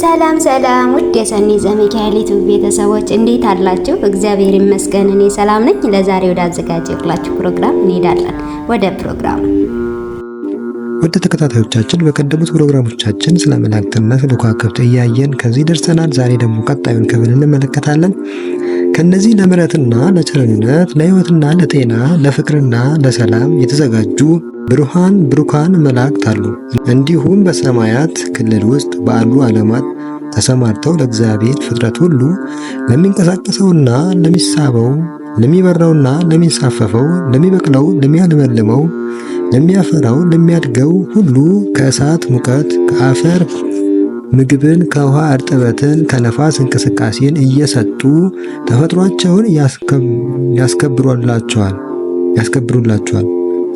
ሰላም ሰላም ውድ የሰኒ ዘሚካኤል ዩቲዩብ ቤተሰቦች እንዴት አላችሁ? እግዚአብሔር ይመስገን እኔ ሰላም ነኝ። ለዛሬ ወደ አዘጋጀሁላችሁ ፕሮግራም እንሄዳለን። ወደ ፕሮግራም ወደ ተከታታዮቻችን በቀደሙት ፕሮግራሞቻችን ስለ መላእክትና ስለ ከዋክብት እያየን ከዚህ ደርሰናል። ዛሬ ደግሞ ቀጣዩን ክፍል እንመለከታለን። ከነዚህ ለምሕረትና ለቸርነት ለሕይወትና ለጤና ለፍቅርና ለሰላም የተዘጋጁ ብሩሃን ብሩካን መላእክት አሉ። እንዲሁም በሰማያት ክልል ውስጥ ባሉ ዓለማት ተሰማርተው ለእግዚአብሔር ፍጥረት ሁሉ ለሚንቀሳቀሰውና ለሚሳበው ለሚበራውና ለሚንሳፈፈው ለሚበቅለው፣ ለሚያለመልመው፣ ለሚያፈራው፣ ለሚያድገው ሁሉ ከእሳት ሙቀት፣ ከአፈር ምግብን፣ ከውሃ እርጥበትን፣ ከነፋስ እንቅስቃሴን እየሰጡ ተፈጥሯቸውን ያስከብሩላቸዋል ያስከብሩላቸዋል።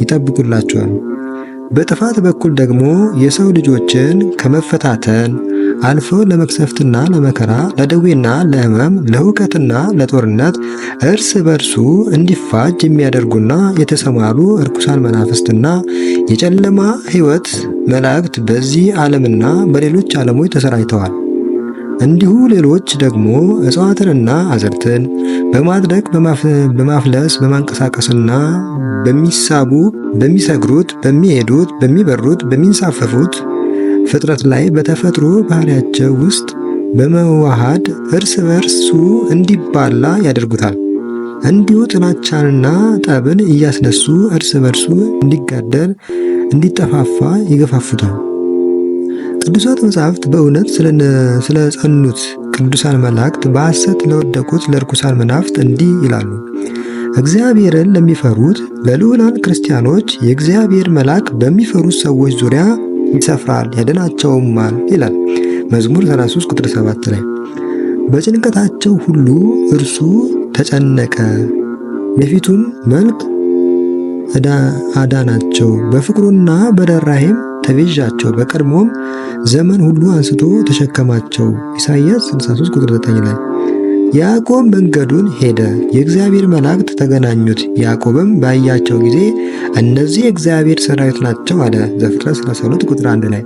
ይጠብቁላቸዋል። በጥፋት በኩል ደግሞ የሰው ልጆችን ከመፈታተን አልፎ ለመክሰፍትና ለመከራ፣ ለደዌና ለሕመም፣ ለሁከትና ለጦርነት እርስ በርሱ እንዲፋጅ የሚያደርጉና የተሰማሩ እርኩሳን መናፍስትና የጨለማ ሕይወት መላእክት በዚህ ዓለምና በሌሎች ዓለሞች ተሰራጭተዋል። እንዲሁ ሌሎች ደግሞ እጽዋትንና አዘርትን በማድረግ በማፍለስ በማንቀሳቀስና በሚሳቡ በሚሰግሩት በሚሄዱት በሚበሩት በሚንሳፈፉት ፍጥረት ላይ በተፈጥሮ ባህሪያቸው ውስጥ በመዋሃድ እርስ በርሱ እንዲባላ ያደርጉታል። እንዲሁ ጥላቻንና ጠብን እያስነሱ እርስ በርሱ እንዲጋደል እንዲጠፋፋ ይገፋፉታል። ቅዱሳት መጻሕፍት በእውነት ስለጸኑት ቅዱሳን መላእክት በሐሰት ለወደቁት ለርኩሳን መናፍት እንዲህ ይላሉ። እግዚአብሔርን ለሚፈሩት ለልዑላን ክርስቲያኖች የእግዚአብሔር መልአክ በሚፈሩት ሰዎች ዙሪያ ይሰፍራል ያድናቸውማል ይላል መዝሙር 33 ቁጥር 7 ላይ። በጭንቀታቸው ሁሉ እርሱ ተጨነቀ፣ የፊቱን መልክ አዳናቸው፣ በፍቅሩና በደራሄም ተቤዣቸው በቀድሞም ዘመን ሁሉ አንስቶ ተሸከማቸው። ኢሳይያስ 63 ቁጥር 9 ላይ ያዕቆብ መንገዱን ሄደ፣ የእግዚአብሔር መላእክት ተገናኙት። ያዕቆብም ባያቸው ጊዜ እነዚህ የእግዚአብሔር ሰራዊት ናቸው አለ። ዘፍጥረት 32 ቁጥር 1 ላይ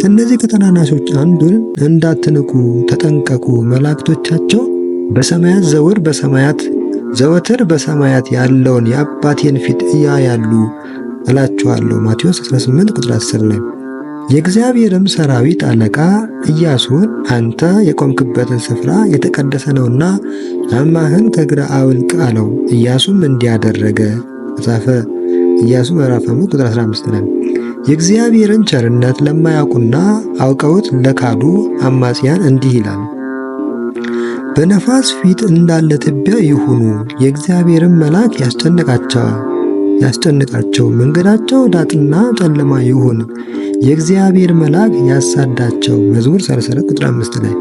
ከእነዚህ ከተናናሾች አንዱን እንዳትንቁ ተጠንቀቁ፣ መላእክቶቻቸው በሰማያት ዘወር በሰማያት ዘወትር በሰማያት ያለውን የአባቴን ፊት እያያሉ እላችኋለሁ ማቴዎስ 18 ቁጥር 10 ላይ። የእግዚአብሔርም ሰራዊት አለቃ ኢያሱን አንተ የቆምክበትን ስፍራ የተቀደሰ ነውና ጫማህን ተግራ አውልቅ አለው። ኢያሱም እንዲያደረገ መጽሐፈ ኢያሱ ምዕራፍ 5 ቁጥር 15 ላይ። የእግዚአብሔርን ቸርነት ለማያውቁና አውቀውት ለካዱ አማጽያን እንዲህ ይላል በነፋስ ፊት እንዳለ ትቢያ ይሁኑ፣ የእግዚአብሔርን መልአክ ያስጨንቃቸዋል። ያስጨንቃቸው፣ መንገዳቸው ዳጥና ጨለማ የሆነ የእግዚአብሔር መልአክ ያሳዳቸው። መዝሙር 33 ቁጥር 5 ላይ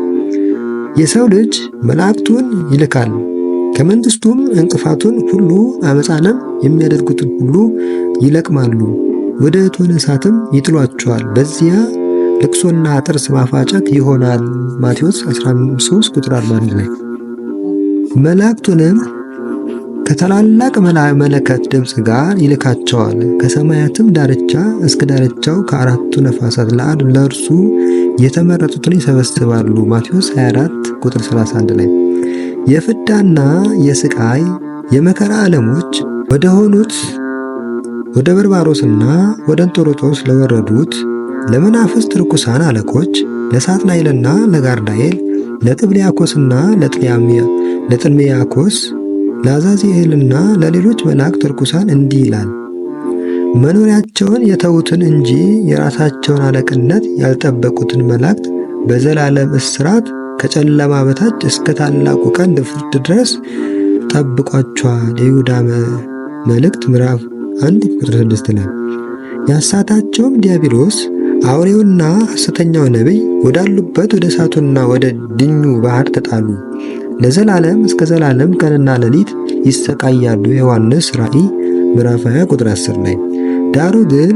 የሰው ልጅ መላእክቱን ይልካል ከመንግስቱም እንቅፋቱን ሁሉ አመፃንም የሚያደርጉትን ሁሉ ይለቅማሉ፣ ወደ እቶነ እሳትም ይጥሏቸዋል። በዚያ ልቅሶና ጥርስ ማፋጨት ይሆናል። ማቴዎስ 15 ቁጥር 41 ላይ መላእክቱንም ከታላላቅ መለከት ድምፅ ጋር ይልካቸዋል። ከሰማያትም ዳርቻ እስከ ዳርቻው ከአራቱ ነፋሳት ለአድ ለእርሱ የተመረጡትን ይሰበስባሉ። ማቴዎስ 24 ቁጥር 31 ላይ የፍዳና የስቃይ የመከራ ዓለሞች ወደ ሆኑት ወደ በርባሮስና ወደ እንጦሮጦስ ለወረዱት ለመናፍስት ርኩሳን አለቆች ለሳጥናኤልና ለጋርዳኤል ለጥብልያኮስና ለጥልሚያኮስ ለአዛዚኤልና ለሌሎች መላእክት ርኩሳን እንዲህ ይላል መኖሪያቸውን የተዉትን እንጂ የራሳቸውን አለቅነት ያልጠበቁትን መላእክት በዘላለም እስራት ከጨለማ በታች እስከ ታላቁ ቀን ፍርድ ድረስ ጠብቋቸዋል። የይሁዳ መልእክት ምዕራፍ 1 ቁጥር 6 ላይ ያሳታቸውም ዲያብሎስ አውሬውና ሐሰተኛው ነቢይ ወዳሉበት ወደ እሳቱና ወደ ድኙ ባህር ተጣሉ። ለዘላለም እስከ ዘላለም ቀንና ሌሊት ይሰቃያሉ። ዮሐንስ ራእይ ምዕራፍ 20 ቁጥር 10 ላይ ዳሩ ግን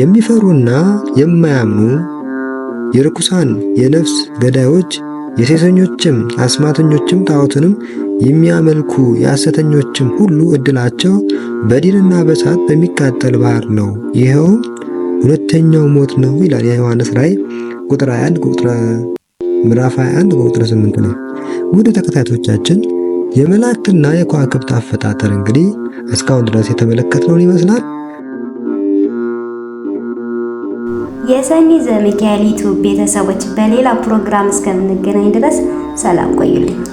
የሚፈሩና የማያምኑ የርኩሳን የነፍስ ገዳዮች የሴሰኞችም አስማተኞችም ጣዖትንም የሚያመልኩ የሐሰተኞችም ሁሉ እድላቸው በዲንና በሳት በሚቃጠል ባህር ነው፣ ይኸውም ሁለተኛው ሞት ነው ይላል የዮሐንስ ራእይ ቁጥር 21 ቁጥር ምዕራፍ 21 ቁጥር 8 ላይ ውድ ተከታታዮቻችን የመላእክትና የከዋክብት አፈጣጠር እንግዲህ እስካሁን ድረስ የተመለከትነውን ይመስላል። የሰኒ ዘሚካኤል ዩቲዩብ ቤተሰቦች በሌላ ፕሮግራም እስከምንገናኝ ድረስ ሰላም ቆዩልኝ።